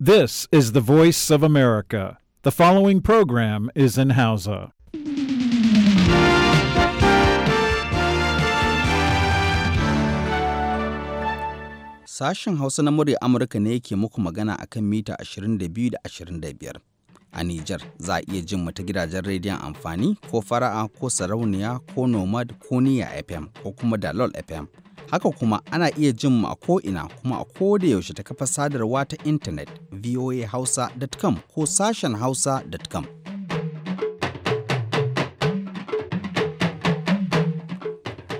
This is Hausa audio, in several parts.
This is the voice of America. The following program is in Hausa. Sashen Hausa na murya Amurka ne yake muku magana akan mita 22 da 25. a Nijar za a iya jin mu ta gidajen rediyon amfani ko fara'a ko sarauniya ko nomad ko niya FM ko kuma dalol FM. Haka kuma ana iya jin mu a ko'ina kuma a ko da yaushe ta kafa sadarwa ta intanet voahausa.com ko sashen hausa.com.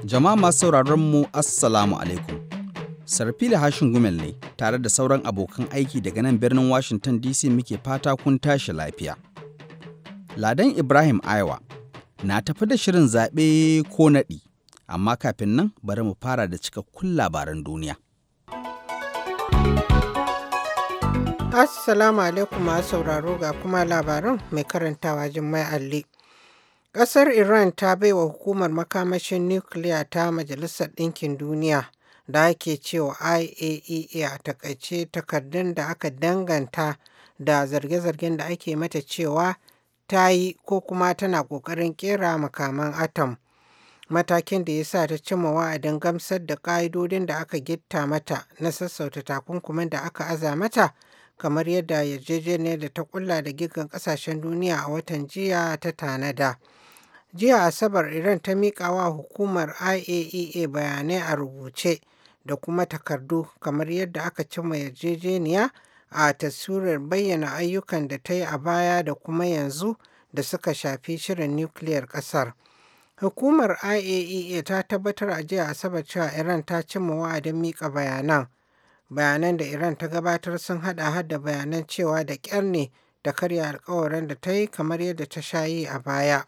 Jama'a masu sauraron mu Assalamu alaikum. Sarfila Hashin Gumel ne tare da sauran abokan aiki daga nan birnin Washington DC muke fata kun tashi lafiya. Ladan Ibrahim Aiwa na tafi da shirin zaɓe ko naɗi, amma kafin nan bari mu fara da cikakkun labaran duniya. Assalamu alaikum masu sauraro ga kuma labaran mai karantawa Jummai Alli. Ƙasar Iran ta baiwa hukumar makamashin nukiliya ta Majalisar Ɗinkin Duniya. da ake cewa IAEA a e takaice takardun da aka danganta da zarge-zargen da ake mata cewa ta yi ko kuma tana ƙoƙarin ƙera makaman atom. Matakin da ya sa ta cimma wa'adin gamsar da ƙa'idodin da aka gitta mata na sassauta takunkumin da aka aza mata kamar yadda yarjejeniyar da ta kulla da gigan ƙasashen duniya a watan jiya ta tanada. Jiya Asabar Iran ta miƙa wa hukumar IAEA e bayanai a rubuce da kuma takardu kamar yadda aka cimma yarjejeniya a taswirar bayyana ayyukan da ta yi a baya da kuma yanzu da suka shafi shirin nukiliyar ƙasar. Hukumar IAEA e ta tabbatar a jiya Asabar cewa Iran ta cimma wa'adin miƙa bayanan. Bayanan da Iran ta gabatar sun hada hada bayanan cewa da kyar ne da karya alkawarin da ta yi kamar yadda ta sha yi a baya.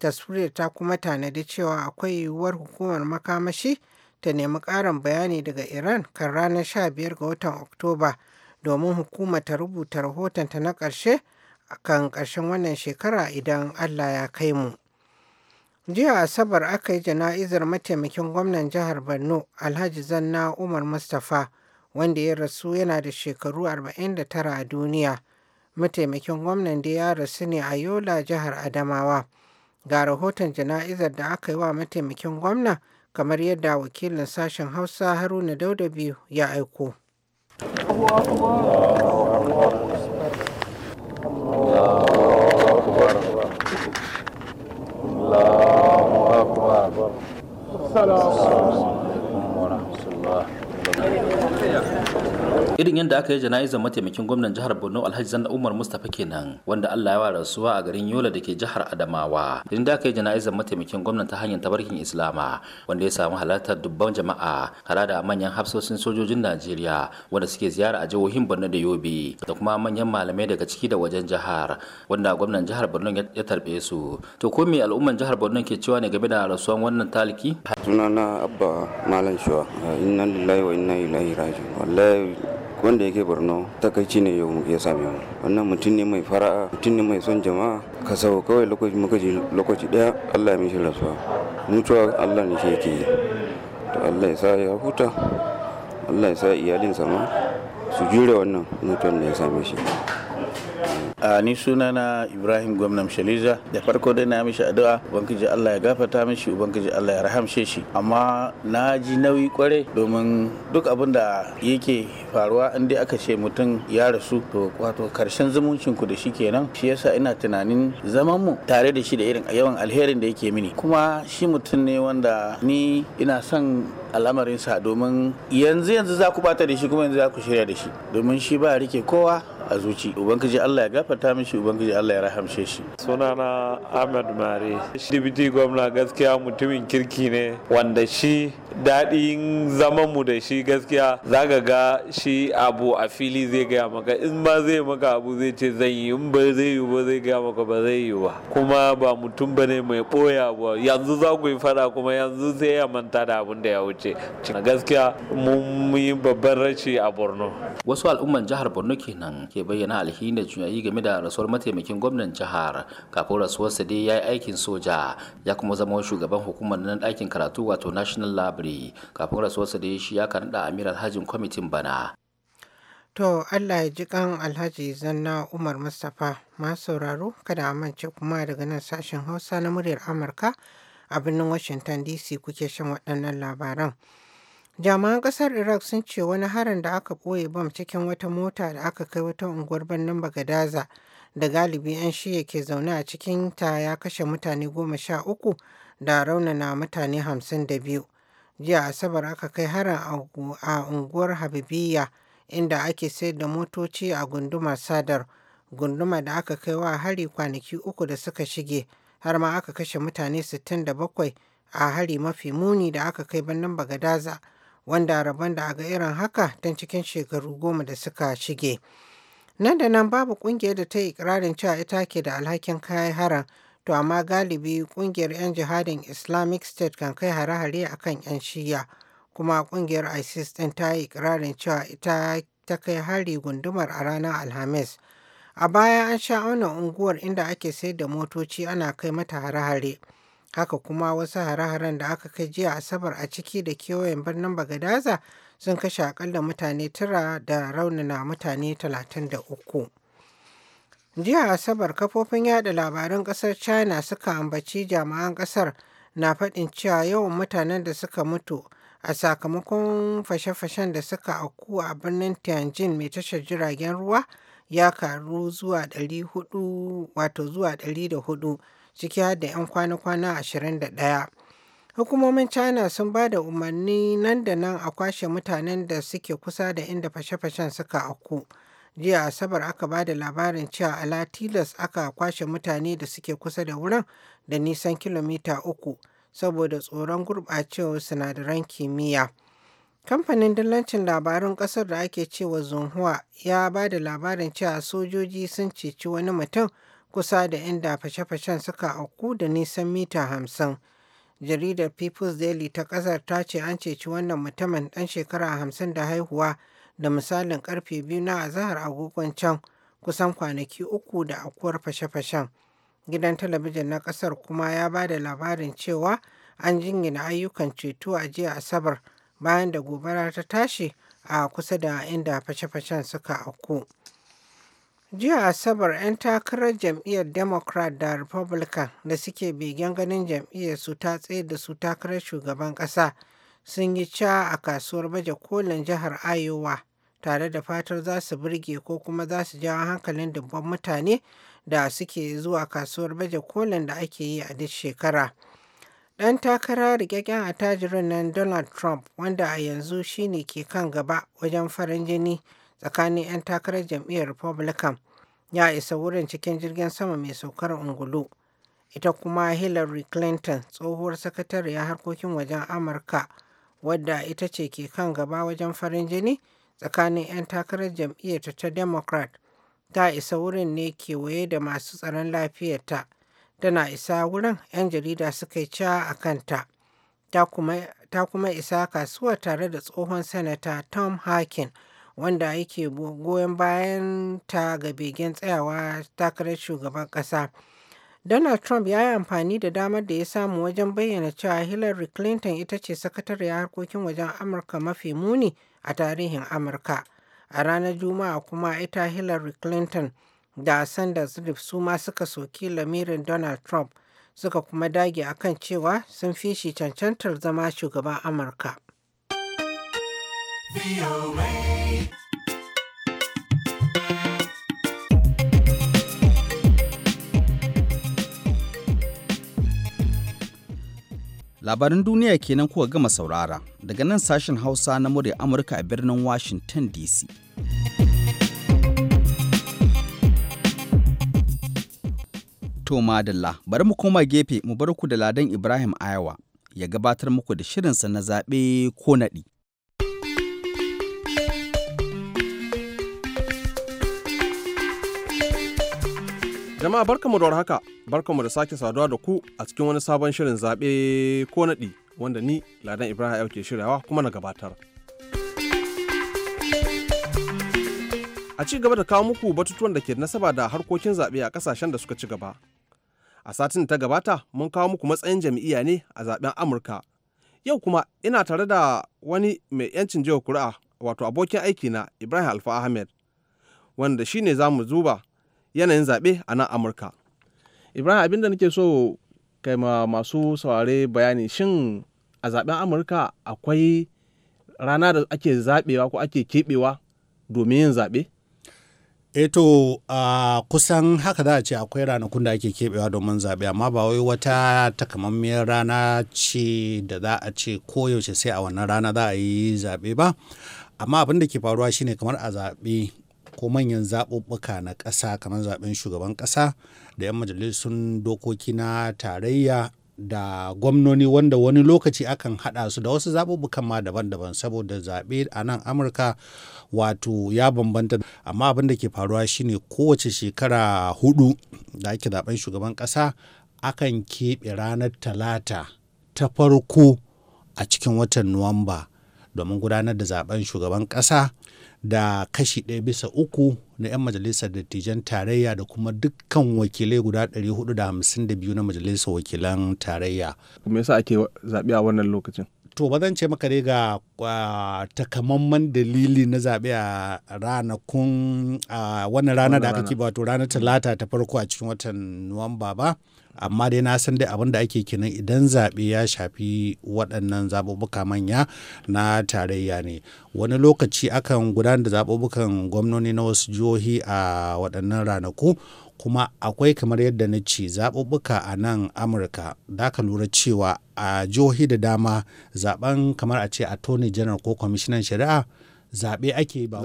Taswirar ta kuma tanadi cewa akwai yiwuwar hukumar makamashi ta nemi ƙarin bayani daga Iran kan ranar 15 ga watan Oktoba domin hukuma ta rubuta rahotonta na ƙarshe kan ƙarshen wannan shekara idan Allah ya kai mu. Jiya Asabar aka yi jana'izar mataimakin gwamnan jihar Borno Alhaji Zanna Umar Mustapha wanda ya rasu yana da shekaru 49 a duniya. Mataimakin gwamnan da ya rasu ne a Yola jihar Adamawa. Ga rahoton jana'izar da aka yi wa mataimakin gwamna kamar yadda wakilin sashen Hausa Haruna Dauda biyu ya aiko. irin yadda aka yi jana'izar mataimakin gwamnan jihar borno alhaji zanna umar mustapha kenan wanda allah ya wa rasuwa a garin yola da ke jihar adamawa irin da aka yi jana'izar mataimakin gwamnan ta hanyar tabarkin islama wanda ya samu halartar dubban jama'a tare da manyan hafsoshin sojojin najeriya wanda suke ziyara a jihohin borno da yobe da kuma manyan malamai daga ciki da wajen jihar wanda gwamnan jihar borno ya tarbe su to ko me al'umman jihar borno ke cewa ne game da rasuwan wannan taliki sunana abba malam shuwa inna lillahi wa inna ilaihi raji'un wanda yake borno takaici ne yau ya same mu wannan mutum ne mai fara'a mutum ne mai son jama'a ka sau kawai lokaci muka ji lokaci daya allah ya mishi rasuwa mutuwa allah ne shi yake yi to allah ya sa ya huta allah ya sa iyalinsa ma su jure wannan mutuwan da ya same shi a ni suna na ibrahim gwamnan shaliza da farko dai na mishi addu'a ubangiji allah ya gafata mishi ubangiji allah ya rahamshe shi amma na ji nauyi kware. domin duk abin da yake faruwa in dai aka ce mutum ya rasu to wato karshen zumuncin ku da shi kenan shi yasa ina tunanin zaman mu tare da shi da irin yawan alherin da yake mini kuma shi mutum ne wanda ni ina son al'amarinsa domin yanzu yanzu za ku bata da shi kuma yanzu za ku shirya da shi domin shi ba rike kowa a zuci ubangiji Allah ya gafarta mishi ubangiji Allah ya rahamshe shi sunana Ahmed Mare shi dibiti gwamna gaskiya mutumin kirki ne wanda shi daɗin zaman mu da shi gaskiya zaga ga shi abu a fili zai gaya maka in ba zai maka abu zai ce zan yi in ba zai yi ba zai gaya maka ba zai yi ba kuma ba mutum bane mai boya ba yanzu za ku yi fada kuma yanzu sai ya manta da abin da ya wuce ce gaskiya mun yi babban rashi a borno wasu al'umman jihar borno kenan ke bayyana alhini da juyayi game da rasuwar mataimakin gwamnan jihar kafin rasuwarsa dai ya yi aikin soja ya kuma zama shugaban hukumar nan ɗakin karatu wato national library kafin rasuwarsa dai shi ya karɗa amiral hajin kwamitin bana To Allah ya ji kan Alhaji Zanna Umar Mustapha masu sauraro kada a mance kuma daga nan sashen Hausa na muryar Amurka a birnin Washington DC kuke shan waɗannan labaran. Jami'an ƙasar Iraq sun ce wani harin da aka ɓoye bam cikin wata mota da aka kai wata unguwar birnin Bagadaza da galibi 'yan shiya ke zaune a cikin ta ya kashe mutane goma sha uku da raunana mutane hamsin da biyu. Jiya Asabar aka kai harin a unguwar Habibiyya inda ake sayar da motoci a gundumar Sadar, gunduma da aka kai wa hari kwanaki uku da suka shige. har ma aka kashe mutane 67 a hari mafi muni da aka kai birnin Bagadaza wanda rabon da ga irin haka don cikin shekaru goma da suka shige. Nan da nan babu kungiyar da ta yi ikirarin cewa ita ke da alhakin kayan haran to amma galibi kungiyar 'yan jihadin Islamic State kan kai hare-hare a kan 'yan shiya kuma kungiyar ISIS din ta yi ikirarin cewa ita ta kai hari gundumar a ranar Alhamis. A baya an sha auna unguwar inda ake sayar da motoci ana kai mata hare-hare. Haka kuma wasu hare-haren da aka kai jiya Asabar a ciki da kewayen birnin Bagadaza sun kashe akalla mutane tara da raunana mutane 33. Jiya Asabar kafofin yada labaran kasar China suka ambaci jami'an kasar na faɗin cewa yawan mutanen da suka mutu a sakamakon fashe-fashen da suka auku a birnin Tianjin mai tashar jiragen ruwa ya karu zuwa ɗari hudu wato zuwa ɗari da hudu ciki har da 'yan kwana-kwana ashirin da ɗaya. Hukumomin China sun ba da umarni nan da nan a kwashe mutanen da suke kusa da inda fashe-fashen suka auku. Jiya Asabar aka ba da labarin cewa ala tilas aka kwashe mutane da suke kusa da wurin da nisan kilomita uku saboda tsoron gurɓacewar sinadaran kimiyya. Kamfanin dillancin labarun ƙasar da ake cewa Zonhua ya ba da labarin cewa sojoji sun ceci wani mutum kusa da inda fashe-fashen suka auku da nisan mita hamsin. Jaridar People's Daily ta ƙasar ta ce an ceci wannan mutumin ɗan shekara hamsin da haihuwa da misalin karfe biyu na azahar agogon can kusan kwanaki uku da akuwar fashe-fashen. Gidan talabijin na ƙasar kuma ya ba da labarin cewa an jingina ayyukan ceto a jiya Asabar. bayan da gobara ta tashi a kusa da inda fashe-fashen suka auku. jiya asabar 'yan takarar jam'iyyar democrat da republican da suke begen ganin jam'iyyar su ta tsaye da su takarar shugaban kasa sun yi ca a kasuwar baje kolin jihar iowa tare da fatar za su burge ko kuma za su jawo hankalin dubban mutane da suke zuwa kasuwar baje kolin da ake yi a duk shekara Ɗan takara rikakken attajirin nan Donald Trump wanda a yanzu shine ne ke kan gaba wajen farin jini tsakanin 'yan takarar jam'iyyar Republican ya isa wurin cikin jirgin sama mai saukar ungulu. Ita kuma Hillary Clinton tsohuwar sakatariyar harkokin wajen Amurka wadda ita ce ke kan gaba wajen farin jini tsakanin 'yan takarar jam'iyyar ta Democrat ta isa wurin ne kewaye da masu tsaron lafiyarta Tana isa wurin 'yan jarida suka yi ca a kanta. Ta kuma isa kasuwa tare da tsohon Sanata Tom Harkin, wanda yake goyon bayan ta ga begen tsayawa takarar shugaban kasa. Donald Trump ya yi amfani da damar da ya samu wajen bayyana cewa Hillary Clinton ita ce sakatariyar harkokin wajen Amurka mafi muni a tarihin Amurka. A ranar Juma'a kuma ita Hillary Clinton da Sanders Reef su ma suka soki lamirin Donald Trump suka kuma dage a kan cewa sun fi shi cancantar zama shugaban Amurka. labarin duniya kenan kuka gama saurara daga nan sashen Hausa na murya Amurka a birnin Washington DC. To madalla, bari mu koma gefe mu bar ku da Ladan Ibrahim Ayawa ya gabatar muku da shirinsa na zaɓe ko naɗi. Jama'a barkamu da haka, barkamu da sake saduwa da ku a cikin wani sabon shirin zaɓe ko naɗi wanda ni Ladan Ibrahim Ayawa ke shiryawa kuma na gabatar. a ci gaba da kawo muku batutuwan da ke nasaba da harkokin zaɓe a ƙasashen da suka ci gaba A satin da ta gabata mun kawo muku matsayin jam'iyya ne a zaben Amurka. Yau kuma ina tare da wani mai 'yancin jiwa kuri'a wato abokin aiki na Ibrahim Alfa Ahmed wanda shi ne za mu zuba yanayin zaɓe a nan Amurka. Ibrahim abin da nake so kai ma masu saurare bayani shin a zaɓen Amurka akwai rana da ake zaɓewa ko ake keɓewa domin yin zaɓe? eto eh uh, kusan haka za a ce akwai ranakun da ake keɓewa domin zaɓe amma ba wai wata takamammiyar rana ce da za a ce koyaushe sai a wannan rana za a yi zaɓe ba amma abin da ke faruwa shine kamar a zaɓe ko manyan zaɓuɓɓuka na ƙasa kamar zaɓen shugaban ƙasa da 'yan majalisun dokoki na tarayya da gwamnoni wanda wani lokaci akan haɗa su da wasu zaɓuɓɓukan ma daban-daban saboda zaɓe a nan amurka wato ya bambanta amma abin da ke faruwa shine kowace shekara hudu da ake zaɓen shugaban ƙasa akan keɓe ranar talata ta farko a cikin watan nuwamba domin gudanar da zaɓen shugaban ƙasa da kashi ɗaya bisa uku na 'yan majalisar dattijan tarayya da kuma dukkan wakilai guda 452 na majalisar wakilan tarayya. Me yasa ake zaɓe a wannan lokacin? to ba zan ce maka dai ga ah, takamaiman dalili na zaɓe a ranakun wannan rana da aka kiba wato ranar mm. talata ta farko a cikin watan nuwamba ba amma dai na san dai abin da ake kinan idan zaɓe ya shafi waɗannan zaɓuɓɓuka manya na tarayya ne wani lokaci akan gudanar da zaɓuɓɓukan gwamnoni na wasu jihohi a waɗannan ranaku kuma akwai kamar yadda na ce zaɓuɓɓuka a nan amurka da ka lura cewa a jihohi da dama zaben kamar a ce attorney general ko kwamishinan shari'a zaɓe ake ba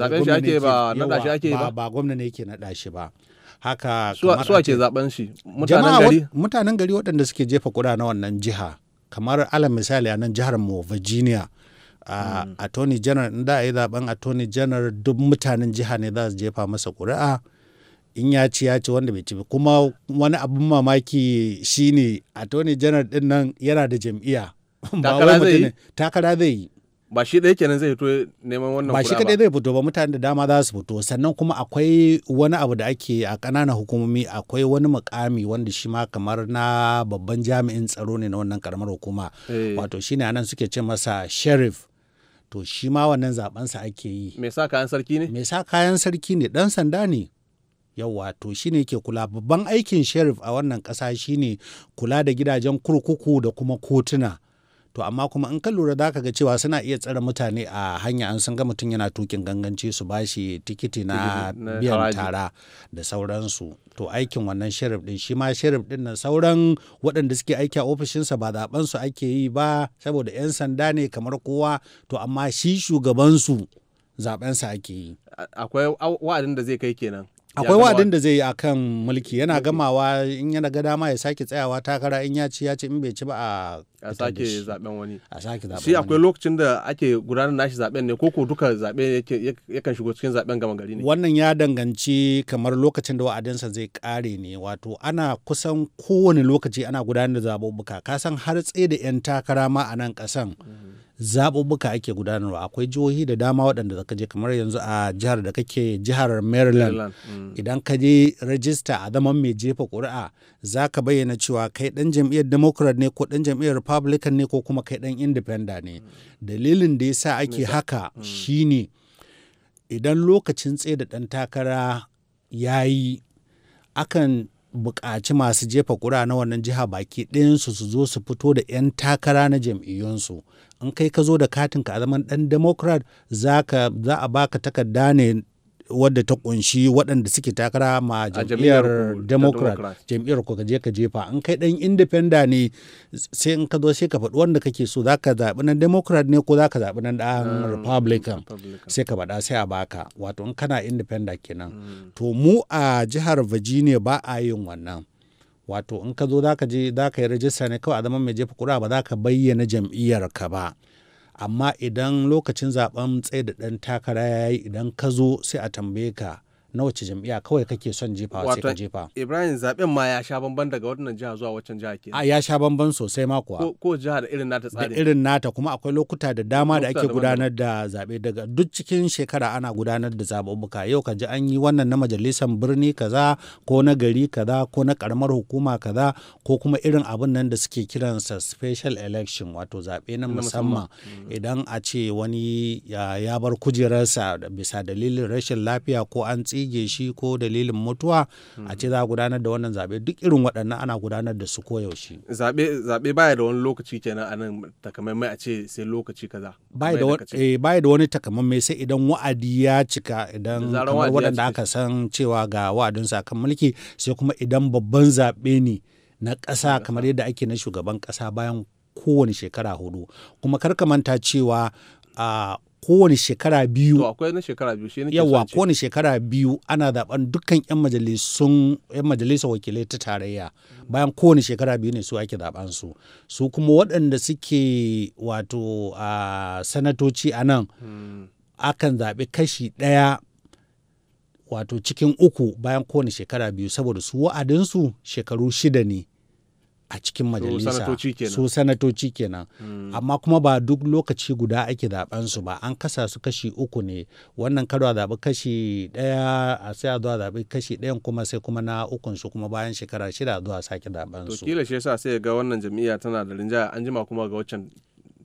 ba gwamna ne ke naɗa shi ba haka suwa ce zaben shi mutanen gari mutanen gari waɗanda suke jefa kuɗa na wannan jiha kamar alal misali a nan jihar mu virginia a hmm. attorney general da a yi zaben attorney general duk mutanen jiha ne za su jefa masa ƙuri'a in ya ci ya ci wanda bai ci kuma wani abin mamaki shine attorney general din nan yana da jam'iyya takara zai yi ba shi ɗaya kenan zai fito neman wannan ba shi kadai zai fito ba mutane da dama za su fito sannan kuma akwai wani abu da ake a ƙananan hukumomi akwai wani mukami wanda shi ma kamar na babban jami'in tsaro ne na wannan karamar hukuma eh. wato shine anan suke ce masa sheriff to shi ma wannan zaben sa ake yi me sa kayan sarki ne me sa kayan sarki ne dan sanda ne yauwa to shine ke kula babban aikin sheriff a wannan kasa shine kula da gidajen kurkuku da kuma kotuna to amma kuma in ka lura za ka ga cewa suna iya tsare mutane a hanya an san ga mutum yana tukin ganganci su ba shi tikiti na biyan tara da sauransu to aikin wannan sheriff din shi ma sheriff din nan sauran waɗanda suke aiki a ofishinsa ba zaben su ake yi ba saboda 'yan sanda ne kamar kowa to amma shi shugabansu zabensa ake yi akwai wa'adin da zai kai kenan akwai wadin da zai yi akan mulki yana gamawa in yana ga dama ya sake tsayawa takara in ya ci ya ci in bai ci ba a a sake zaben wani a sake zaben shi akwai lokacin da ake gudanar nashi zaben ne ko ko duka zaben yake yakan shigo cikin zaben gama gari ne wannan ya danganci kamar lokacin da wa'adinsa zai kare ne wato ana kusan kowane lokaci ana gudanar da zaɓuɓɓuka ka san har tsaye da yan takara ma a nan kasan. mm -hmm. zaɓuɓɓuka ake gudanarwa akwai jihohi da dama waɗanda zaka je kamar yanzu a jihar da kake jihar maryland mm. idan ka je rajista a zaman mai jefa ƙuri'a za ka bayyana cewa kai ɗan jam'iyyar democrat ne ko ɗan jam'iyyar republican ne ko kuma kai ɗan independent ne dalilin da ya sa ake haka mm. shine idan lokacin tsaye da ɗan takara ya yi akan buƙaci masu jefa ƙura na wannan jiha baki ɗayansu su zo su fito da 'yan takara na jam'iyyunsu in kai ka zo da katinka a zaman ɗan democrat za a baka takarda ne wadda ta kunshi waɗanda suke takara ma jam'iyyar democrat jam'iyyar ku ka ka jefa an kai dan indifenda ne sai in ka zo sai ka faɗi wanda kake so zaka zaɓi nan democrat ne ko zaka zaɓi nan dan ah, republican sai ka faɗa sai a baka wato in kana independa kenan hmm. to mu a jihar virginia ba a yin wannan wato in ka zo zaka je zaka yi rajista ne kawai a zaman mai jefa kuri'a ba za ka bayyana jam'iyyar ka ba amma idan lokacin zaben tsaye da ɗan takara ya yi idan ka zo sai a tambaye ka na wace jam'iyya kawai kake son jefa wace ka jefa ibrahim zaben ma ya sha bamban daga wannan jiha zuwa waccan jiha ke a ya sha bamban sosai ma kuwa ko jiha da irin nata tsari da irin nata kuma akwai lokuta da dama da ake gudanar da zaɓe daga duk cikin shekara ana gudanar da zaɓuɓɓuka yau ka ji an yi wannan na majalisar birni kaza ko na gari kaza ko na karamar hukuma kaza ko kuma irin abin nan da suke kiransa special election wato zaɓe na musamman mm. idan a ce wani ya bar kujerarsa bisa dalilin rashin lafiya ko an tsi tsige shi ko dalilin mutuwa a ce za a gudanar da wannan zaɓe duk irin waɗannan ana gudanar da su koyaushe. Zaɓe baya da wani lokaci kenan a nan takamaimai a ce sai lokaci kaza. Baya da eh, wani takamaimai sai idan wa'adi ya cika idan kamar waɗanda aka san cewa ga wa'adinsu akan mulki sai kuma idan babban zaɓe ne na ƙasa kamar yadda ake na shugaban ƙasa bayan kowane shekara hudu kuma kar ka manta cewa a ah, kowane shekara biyu yawa kowane shekara biyu ana zaben dukkan yan majalisun yan majalisar wakilai ta tarayya bayan kowane shekara biyu ne su ake zaben su su kuma waɗanda suke wato a sanatoci a nan hmm. akan zaɓi kashi ɗaya wato cikin uku bayan kowane shekara biyu saboda su wa'adinsu shekaru shida ne a cikin majalisa su sanatoci kenan hmm. amma kuma ba duk lokaci guda ake zaben su ba an kasa su kashi uku ne wannan karo a zaɓi kashi ɗaya a sai a zuwa zaɓi kashi ɗayan kuma sai kuma na ukun su kuma bayan shekara shida zuwa sake zaben su to kila shi yasa sai ga wannan jami'a tana da rinjaya an jima kuma ga waccan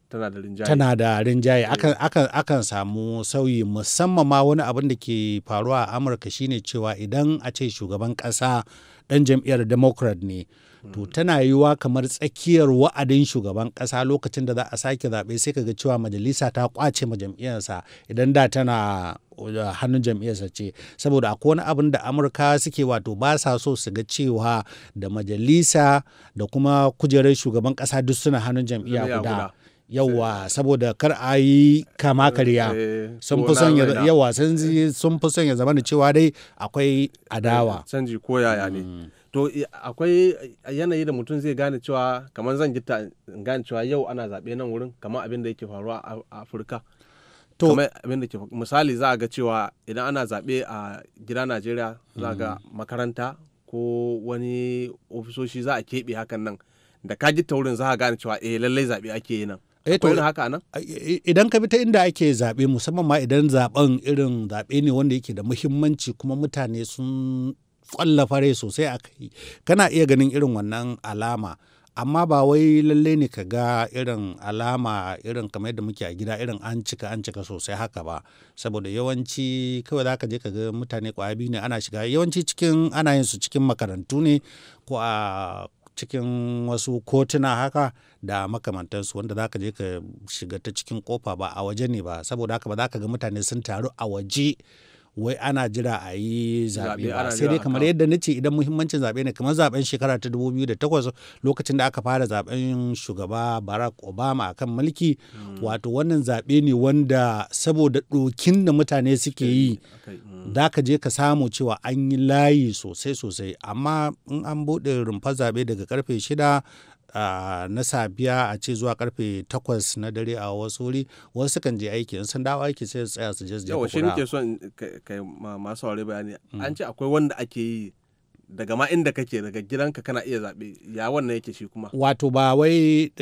tana da rinjaye tana da rinjaye eh. akan, akan, akan samu sauyi musamman ma wani abin da ke faruwa a amurka shine cewa idan a ce shugaban ƙasa ɗan jam'iyyar democrat ne to tana yiwuwa kamar tsakiyar wa'adin shugaban kasa lokacin da za a sake zaɓe sai ka ga cewa majalisa ta kwace ma jam'iyyarsa idan da tana eh, hannun jam'iyyarsa ce saboda akwai wani abin da amurka suke wato ba sa so su ga cewa da majalisa da kuma kujerar shugaban kasa duk suna hannun jam'iyya guda yawa saboda kar a yi kama eh, karya yawa sun fi son ya zama da cewa dai akwai adawa eh, canji ko yaya ne mm. to akwai yanayi da mutum zai gane cewa kamar zan gita gane cewa yau ana zaɓe nan wurin kamar abin da yake faruwa a afirka to abin da ke misali za a ga cewa idan ana zaɓe a gida najeriya za ga mm-hmm. makaranta ko wani ofisoshi za a keɓe hakan nan da ka gita wurin za a gane cewa eh lallai zaɓe ake yi nan eh, idan ka bi ta inda ake zaɓe musamman ma idan zaɓen irin zaɓe ne wanda yake da muhimmanci kuma mutane sun tsalla sosai a kai kana iya ganin irin wannan alama amma ba wai lalle ne ka ga irin alama irin kamar yadda muke a gida irin an cika an cika sosai haka ba saboda yawanci kawai za ka je ka ga mutane kwaya biyu ne ana shiga yawanci cikin ana yin su cikin makarantu ne ko a cikin wasu kotuna haka da makamantansu wanda za ka je ka shiga ta cikin kofa ba a waje ne ba saboda haka ba za ka ga mutane sun taru a waje wai ana jira a yi zaɓe ba sai dai kamar yadda na ce idan muhimmancin zaɓe ne kamar zaɓen shekara ta 2008 lokacin da aka fara zaɓen shugaba barack obama a kan mulki mm. wato wannan zaɓe ne wanda saboda ɗokin da mutane suke yi da mm. ka je ka samu cewa an yi layi sosai sosai amma in an buɗe rumfar zaɓe daga karfe shida na safiya a ce zuwa karfe takwas na dare a wasu wuri wasu sukan je aiki in sun dawo aiki sai su tsaya su je su jefa kura. Yawa shi nake son kai masu saurari bayani an mm. ce akwai wanda ake yi daga ma inda kake daga gidanka kana iya zaɓe ya wannan yake shi kuma wato ba wai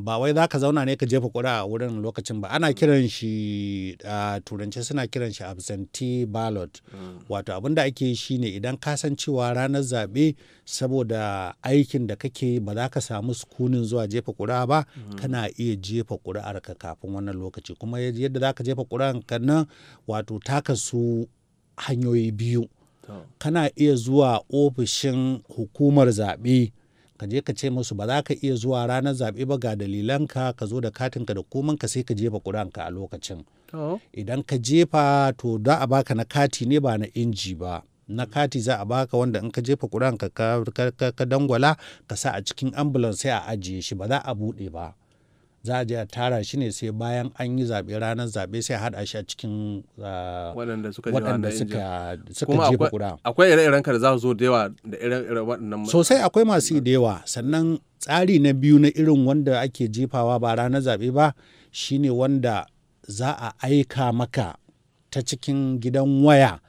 ba wai za ka zauna ne ka jefa kura a wurin lokacin ba ana mm. kiran shi a turance suna kiran shi absentee ballot mm. wato abin da ake shi ne idan ka san cewa ranar zaɓe saboda aikin da kake ba za ka samu sukunin zuwa jefa kura ba mm. kana iya jefa kura'ar ka kafin wannan lokaci kuma yadda za ka jefa kura'ar ka nan wato taka su hanyoyi biyu kana iya zuwa ofishin hukumar zaɓe ka je ka ce musu ba za ka iya zuwa ranar zaɓe ba ga dalilanka ka zo da katinka da komanka sai ka jefa ƙuranka a lokacin idan ka jefa to za a baka na kati ne ba na inji ba na kati za a baka wanda in ka jefa ƙuranka ka dangwala ka sa a cikin ambulan sai a ajiye shi ba za a buɗe ba za a je a tara shi ne sai bayan an yi zaɓe ranar zaɓe sai haɗa shi a cikin ah, waɗanda suka jefa ƙura. Akwai ire-iren ka da za zo da yawa da ire-iren waɗannan. Sosai akwai masu da yawa sannan tsari na biyu na irin wanda ake jefawa ba ranar zaɓe ba shine wanda za a aika maka ta cikin gidan waya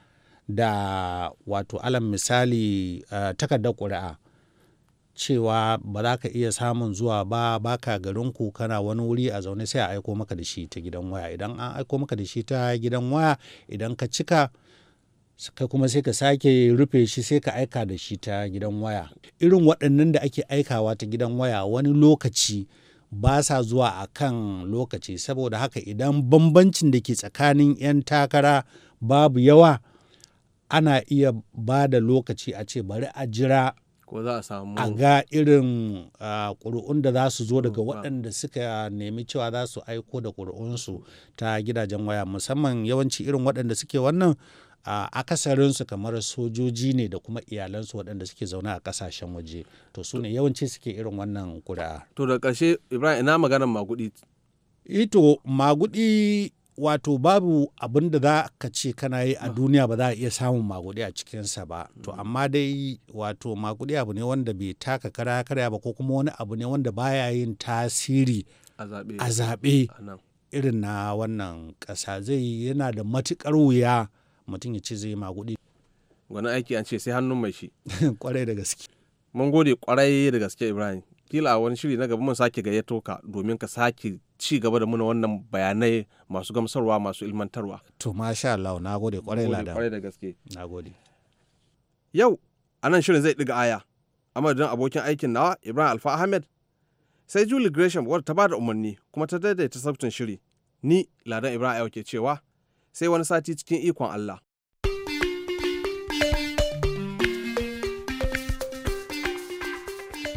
da wato alam misali uh, takardar ƙuri'a. cewa ba za ka iya samun zuwa ba ka baka ku kana wani wuri a zaune sai a aiko maka da shi ta gidan waya idan an aiko maka da shi ta gidan waya idan ka cika kai kuma sai ka sake rufe shi sai ka aika da shi ta gidan waya irin waɗannan da ake aikawa ta gidan waya wani lokaci ba sa zuwa a kan lokaci saboda haka idan bambancin da ke tsakanin 'yan takara babu yawa ana iya ba da lokaci a ce bari a jira ko za a samu a ga irin ƙuri'un da za su zo daga hmm, waɗanda suka nemi cewa za su aiko da ƙuri'unsu ta gidajen waya musamman yawanci irin waɗanda suke wannan a akasarinsu kamar sojoji ne da kuma iyalansu waɗanda suke zaune a ƙasashen waje to su ne yawanci suke irin wannan ƙuri'a to da ƙarshe ibrahim ina maganar magudi ito magudi wato babu abin da za ka ce kana yi a duniya ba za a iya samun magudi a cikinsa ba to mm. amma dai wato magudi abu ne wanda bai taka kara karya ba ko kuma wani abu ne wanda baya yin tasiri a zaɓe irin na wannan ƙasa zai yana da matuƙar wuya mutum ya ce zai yi magudi wani aiki an ce sai hannun mai shi kwarai da gaske mun gode kwarai da gaske ibrahim kila a wani shiri na gaba mun sake gayyato ka domin ka sake ci gaba da muna wannan bayanai masu gamsarwa masu ilmantarwa. To masha Allah na gode kwarai lada. Kwarai da gaske. Na gode. Yau a nan shirin zai ɗiga aya. Amadadin abokin aikin nawa Ibrahim Alfa Ahmed. Sai Julie Gresham wadda ta ba da umarni kuma ta daidaita sabtin shiri. Ni Ladan Ibrahim Ayo ke cewa sai wani sati cikin ikon Allah.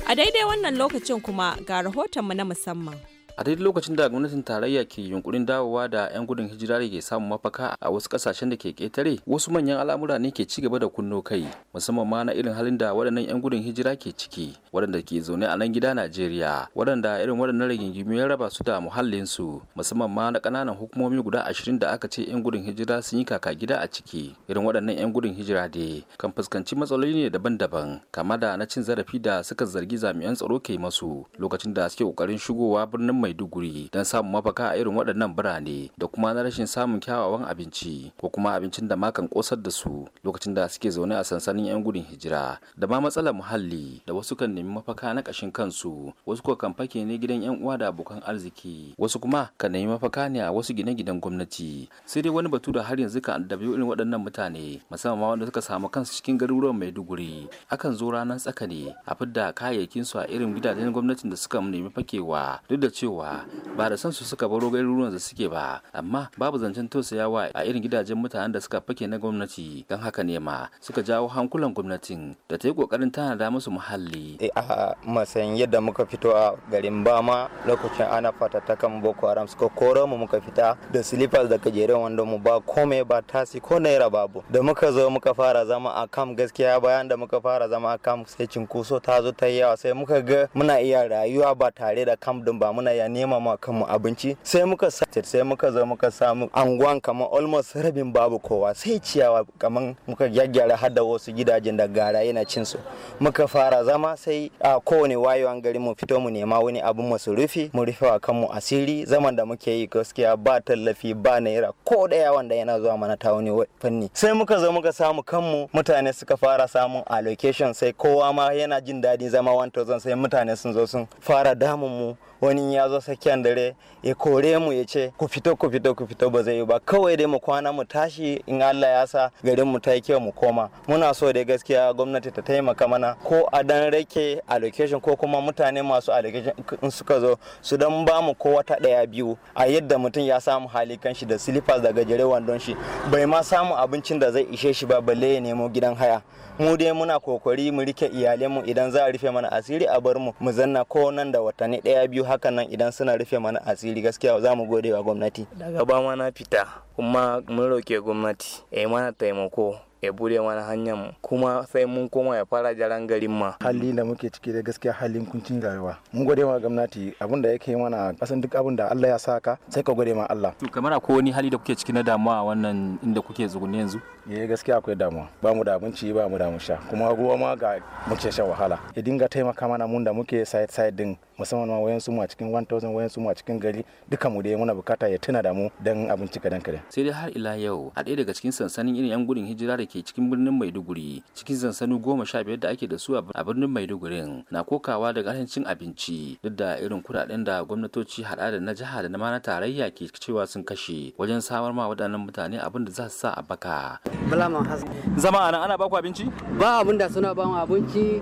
A daidai wannan lokacin kuma ga rahoton rahotonmu na musamman. a daidai lokacin da gwamnatin tarayya ke yunkurin dawowa da 'yan gudun hijira da ke samun mafaka a wasu kasashen da ke ketare wasu manyan al'amura ne ke ci gaba da kunno kai musamman ma na irin halin da waɗannan 'yan gudun hijira ke ciki waɗanda ke zaune a nan gida najeriya waɗanda irin waɗannan rigingimu ya raba su da muhallinsu musamman ma na ƙananan hukumomi guda ashirin da aka ce 'yan gudun hijira sun yi kaka gida a ciki irin waɗannan 'yan gudun hijira dai kan fuskanci matsaloli ne daban-daban kama da na cin zarafi da suka zargi jami'an tsaro ke masu lokacin da suke ƙoƙarin shigowa birnin maiduguri don samun mafaka a irin waɗannan birane da kuma na rashin samun kyawawan abinci ko kuma abincin da makan kosar da su lokacin da suke zaune a sansanin 'yan gudun hijira da ma matsalar muhalli da wasu kan nemi mafaka na ƙashin kansu wasu ko kan fake ne gidan 'yan uwa da abokan arziki wasu kuma kan nemi mafaka ne a wasu gine-ginen gwamnati sai dai wani batu da har yanzu kan da irin waɗannan mutane musamman ma wanda suka samu kansu cikin garuruwan maiduguri akan zo ranar tsaka ne a fidda kayayyakin su a irin gidajen gwamnatin da suka nemi fakewa duk da cewa cewa ba da san su suka baro garuruwan da suke ba amma babu zancen tausayawa a irin gidajen mutanen da suka fake na gwamnati don haka ne ma suka jawo hankulan gwamnatin da ta yi kokarin tanada musu muhalli eh, a matsayin yadda muka fito a garin bama lokacin ana kan boko haram suka koro mu muka fita da slippers da kajeren wanda mu ba komai ba tasi ko naira babu da muka zo muka fara zama a kam gaskiya bayan da muka fara zama a kam sai cinkoso ta zo ta yawa sai muka ga muna iya rayuwa ba tare da kam din ba muna iya nema ma kanmu abinci sai muka sai muka zo muka samu anguwan kamar almost rabin babu kowa sai ciyawa kamar muka gyaggyara har da wasu gidajen da gara yana cin su muka fara zama sai a kowane wayewan gari mu fito mu nema wani abin masurufi mu rufe wa kanmu asiri zaman da muke yi gaskiya ba tallafi ba naira ko daya wanda yana zuwa mana ta wani fanni sai muka zo muka samu kanmu mutane suka fara samun allocation sai kowa ma yana jin daɗin zama 1000 sai mutane sun zo sun fara damun mu wani ya zo tsakiyar dare ya kore mu ya ce ku fito ku fito ku fito ba zai yi ba kawai dai mu kwana mu tashi in Allah ya sa garin mu ta yi kyau mu koma muna so dai gaskiya gwamnati ta taimaka mana ko a dan rake allocation ko kuma mutane masu allocation in suka zo su dan ba mu ko wata daya biyu a yadda mutum ya samu hali kanshi da slippers daga jere wandon shi bai ma samu abincin da zai ishe shi ba balle ya nemo gidan haya mu dai muna kokari mu rike mu idan za a rufe mana asiri a bar mu mu zanna ko nan da watanni daya biyu hakan nan idan suna rufe mana asiri gaskiya za mu gode wa gwamnati daga ba mana fita kuma mun roke gwamnati ya mana taimako ya bude mana hanyar kuma sai mun koma ya fara jaran garin ma hali da muke ciki da gaskiya halin kuncin rayuwa mun gode ma gwamnati abin da yake mana kasan duk abin da Allah ya saka sai ka gode ma Allah to kamar akwai wani hali da kuke ciki na damuwa wannan inda kuke zugunne yanzu ya eh, gaskiya akwai damuwa ba mu da abinci ba mu da mu sha kuma ruwa ma ga muke shan wahala ya dinga taimaka mana mun da muke side side din musamman ma wayan su mu a cikin 1000 wayan su mu a cikin gari duka mu dai muna bukata ya tuna da mu dan abinci kadan kadan sai dai har ila yau a ɗaya daga cikin sansanin irin yan gudun hijira da ke cikin birnin Maiduguri cikin sansanu goma sha biyar da ake da su a birnin Maiduguri na kokawa daga cin abinci duk da irin kuɗaɗen da gwamnatoci hada da na jiha da na tarayya ke cewa sun kashe wajen samar ma waɗannan mutane abin da za su sa a baka Bulaman Hassan. Zama ana ana baku abinci? Ba abin da suna bamu abinci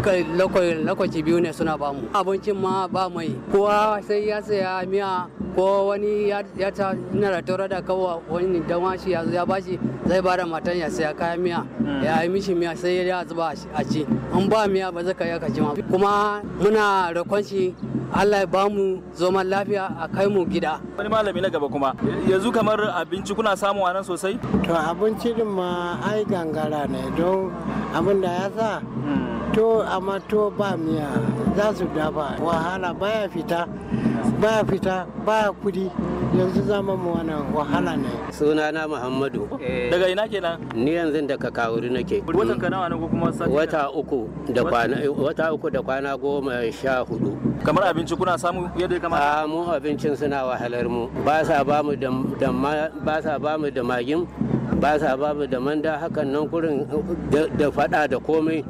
lokaci biyu ne suna bamu. Abincin ma ba mai. Kowa sai ya saya miya ko wani ya ta da tora da kawo wani dan shi ya bashi zai ba da matan ya saya kayan miya hmm. ya yi mishi miya sai ya zuba a ci an ba miya ba zai kai ka ma. kuma muna roƙon shi Allah ya bamu zoman lafiya a kai mu gida. Wani malami na gaba kuma yanzu kamar abinci kuna samu a nan sosai? To abinci shirin ma ai gangara ne don abin da ya sa to amma to ba miya za su dafa wahala baya fita baya fita baya kudi yanzu zama mu wannan wahala ne suna na muhammadu eh. daga ina kenan ni yanzu daga kawuri nake watan ka nawa ne ko kuma sati wata uku da kwana wata uku da kwana goma sha hudu kamar abinci kuna samu yadda kamata a mu abincin suna wahalar mu ba sa ba mu da ba sa ba mu da magin ba sa babu da manda hakan nan kurin da fada da komai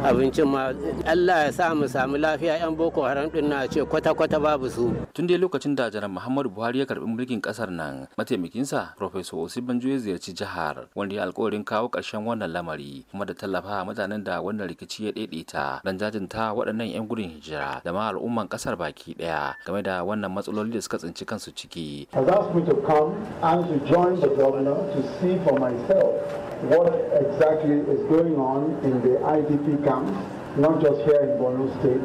abincin ma Allah ya sa mu samu lafiya yan boko haram din na ce kwata kwata babu su tun dai lokacin da janar Muhammadu Buhari ya karbi mulkin kasar nan mataimakinsa Professor Osibanjo ya ziyarci jihar wanda ya alkawarin kawo karshen wannan lamari kuma da tallafa mutanen da wannan rikici ya daidaita dan jajinta waɗannan yan gudun hijira da ma al'umman kasar baki daya game da wannan matsaloli da suka tsinci kansu ciki. asked me to what exactly is going on in the IDP camps, not just here in Borno State,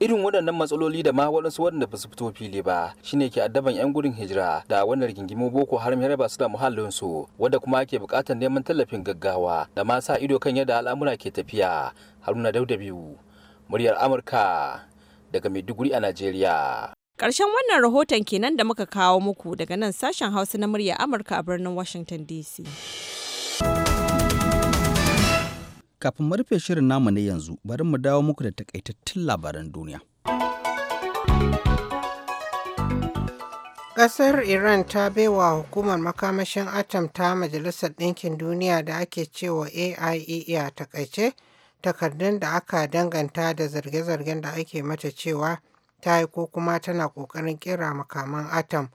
Irin waɗannan matsaloli da ma waɗansu waɗanda ba su fito fili ba shine ke addaban 'yan gudun hijira da wannan rigingimu Boko Haram ya raba su da muhallinsu wadda kuma ke buƙatar neman tallafin gaggawa da ma sa ido kan yadda al'amura ke tafiya. Haruna Dauda biyu, muryar Amurka daga Maiduguri a Najeriya. Ƙarshen wannan rahoton kenan da muka kawo muku daga nan sashen Hausa na murya Amurka a birnin Washington DC. Kafin mu rufe shirin namu na yanzu, bari mu dawo muku da takaitattun labaran duniya. Ƙasar Iran ta baiwa hukumar makamashin atom ta Majalisar Ɗinkin Duniya da ake cewa AIEA e takaice takardun da aka danganta da zarge-zargen da ake mata cewa ta yi ko kuma tana ƙoƙarin ƙera makaman atom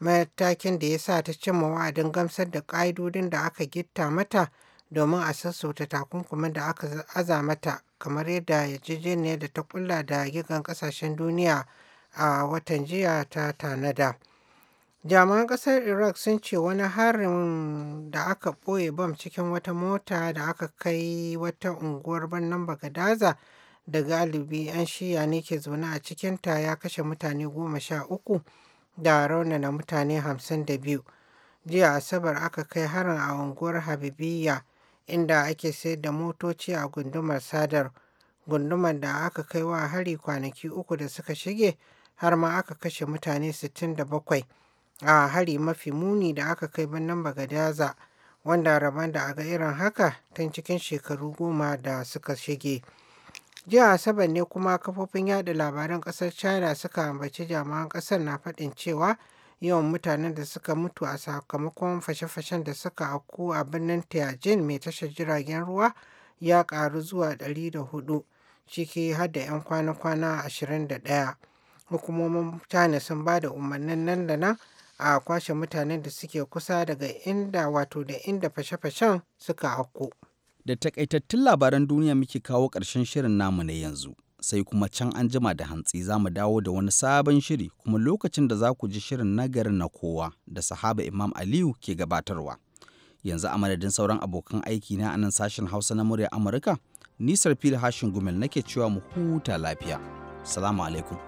matakin da ya sa ta cimma wa'adin gamsar da ƙa'idodin da aka gitta mata domin a sassauta takunkumin da aka aza mata kamar yadda yarjejeniyar da ta kulla da gigan kasashen duniya a watan jiya ta tanada. jami'an ƙasar iraq sun ce wani harin da aka ɓoye bam cikin wata mota da aka kai wata unguwar birnin bagadaza da galibi 'yan shiya ne ke zaune a cikinta ya kashe mutane goma sha uku da raunana mutane hamsin da biyu jiya asabar aka kai harin a unguwar habibiyya inda ake sayar da motoci a gundumar sadar gundumar da aka kai wa hari kwanaki uku da suka shige har ma aka kashe mutane da bakwai a hari mafi muni da aka kai birnin bagadaza wanda rabon da ga irin haka tun cikin shekaru goma da suka shige. Jiya Asabar ne kuma kafofin yada labaran ƙasar China suka ambaci jami'an ƙasar na faɗin cewa yawan mutanen da suka mutu a sakamakon fashe-fashen da suka auku a birnin Tianjin mai tashar jiragen ruwa ya ƙaru zuwa 104 ciki har da 'yan kwana-kwana 21. Hukumomin China sun ba da umarnin nan da nan a kwashe mutanen da suke kusa daga inda wato da inda fashe-fashen suka auku. Da takaitattun labaran duniya muke kawo ƙarshen shirin namu na yanzu, sai kuma can an jima da hantsi za mu dawo da wani sabon shiri kuma lokacin da za ku ji shirin nagarin na kowa da sahaba Imam Aliyu ke gabatarwa. Yanzu a madadin sauran abokan aiki na anan sashen Hausa na murya Amurka, nisar fili hashin gumel nake cewa mu huta lafiya. Salamu alaikum.